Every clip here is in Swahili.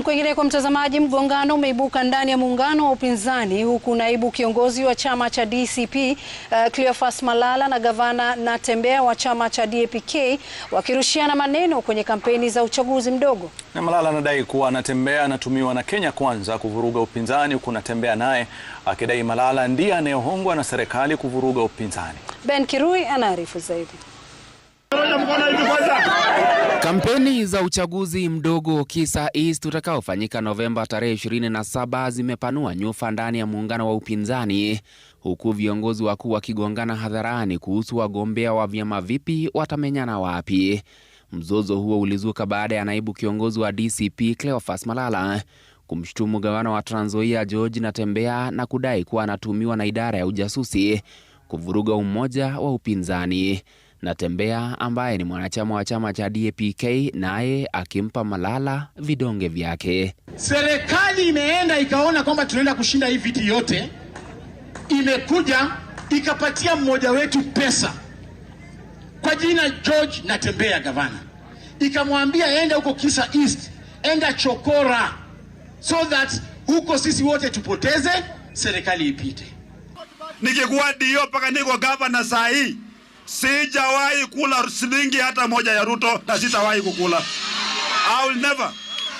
kwingine kwa mtazamaji, mgongano umeibuka ndani ya muungano wa upinzani huku naibu kiongozi wa chama cha DCP uh, Cleophas Malala na gavana Natembeya wa chama cha DAP-K wakirushiana maneno kwenye kampeni za uchaguzi mdogo. Na Malala anadai kuwa Natembeya anatumiwa na Kenya Kwanza kuvuruga upinzani huku Natembeya naye akidai Malala ndiye anayehongwa na serikali kuvuruga upinzani. Ben Kirui anaarifu zaidi. Kampeni za uchaguzi mdogo kisa East utakaofanyika Novemba tarehe 27 zimepanua nyufa ndani ya muungano wa upinzani huku viongozi wakuu wakigongana hadharani kuhusu wagombea wa vyama vipi watamenyana wapi. Mzozo huo ulizuka baada ya naibu kiongozi wa DCP Cleophas Malala kumshutumu gavana wa Trans Nzoia George Natembeya na kudai kuwa anatumiwa na idara ya ujasusi kuvuruga umoja wa upinzani. Natembeya ambaye ni mwanachama wa chama cha DAPK naye akimpa Malala vidonge vyake. Serikali imeenda ikaona kwamba tunaenda kushinda hii viti yote, imekuja ikapatia mmoja wetu pesa kwa jina George Natembeya, gavana, ikamwambia enda huko Kisa East, enda Chokora, so that huko sisi wote tupoteze, serikali ipite. Nikikuwa dio mpaka niko gavana saa hii Sijawahi kula shilingi hata moja ya Ruto na sitawahi kukula. I will never.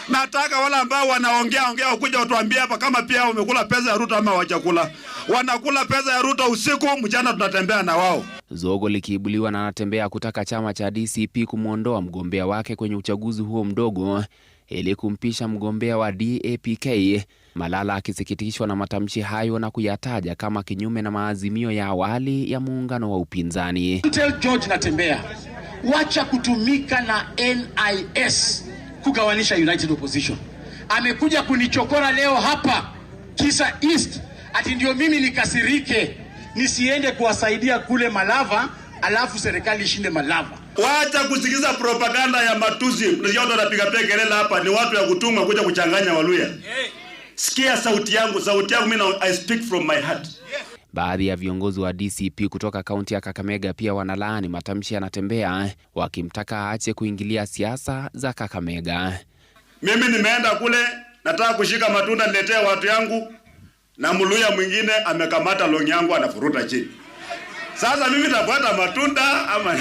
Nataka wale ambao wanaongea ongea ukuja watuambie hapa kama pia wamekula pesa ya Ruto ama hawajakula. Wanakula pesa ya Ruto usiku mchana, tunatembea na wao. Zogo likiibuliwa na anatembea kutaka chama cha DCP kumwondoa mgombea wake kwenye uchaguzi huo mdogo ili kumpisha mgombea wa DAPK, Malala akisikitishwa na matamshi hayo na kuyataja kama kinyume na maazimio ya awali ya muungano wa upinzani. George Natembea, wacha kutumika na NIS kugawanisha United Opposition. Amekuja kunichokora leo hapa kisa East, ati ndio mimi nikasirike nisiende kuwasaidia kule Malava alafu serikali ishinde Malava. Wacha kusikiza propaganda ya matusi. Ndio anapiga pekelele hapa, ni watu ya kutumwa kuja kuchanganya Waluya. Sikia sauti yangu, sauti yangu mimi, I speak from my heart. Baadhi ya viongozi wa DCP kutoka kaunti ya Kakamega pia wanalaani matamshi yanatembea, wakimtaka aache kuingilia siasa za Kakamega. Mimi nimeenda kule, nataka kushika matunda niletee watu yangu, na mluya mwingine amekamata longi yangu anafuruta chini. Sasa mimi napata matunda ama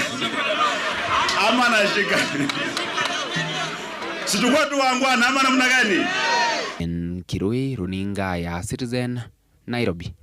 ama nashika situkuwa tu wangwana ama namna gani? Kirui, runinga ya Citizen, Nairobi.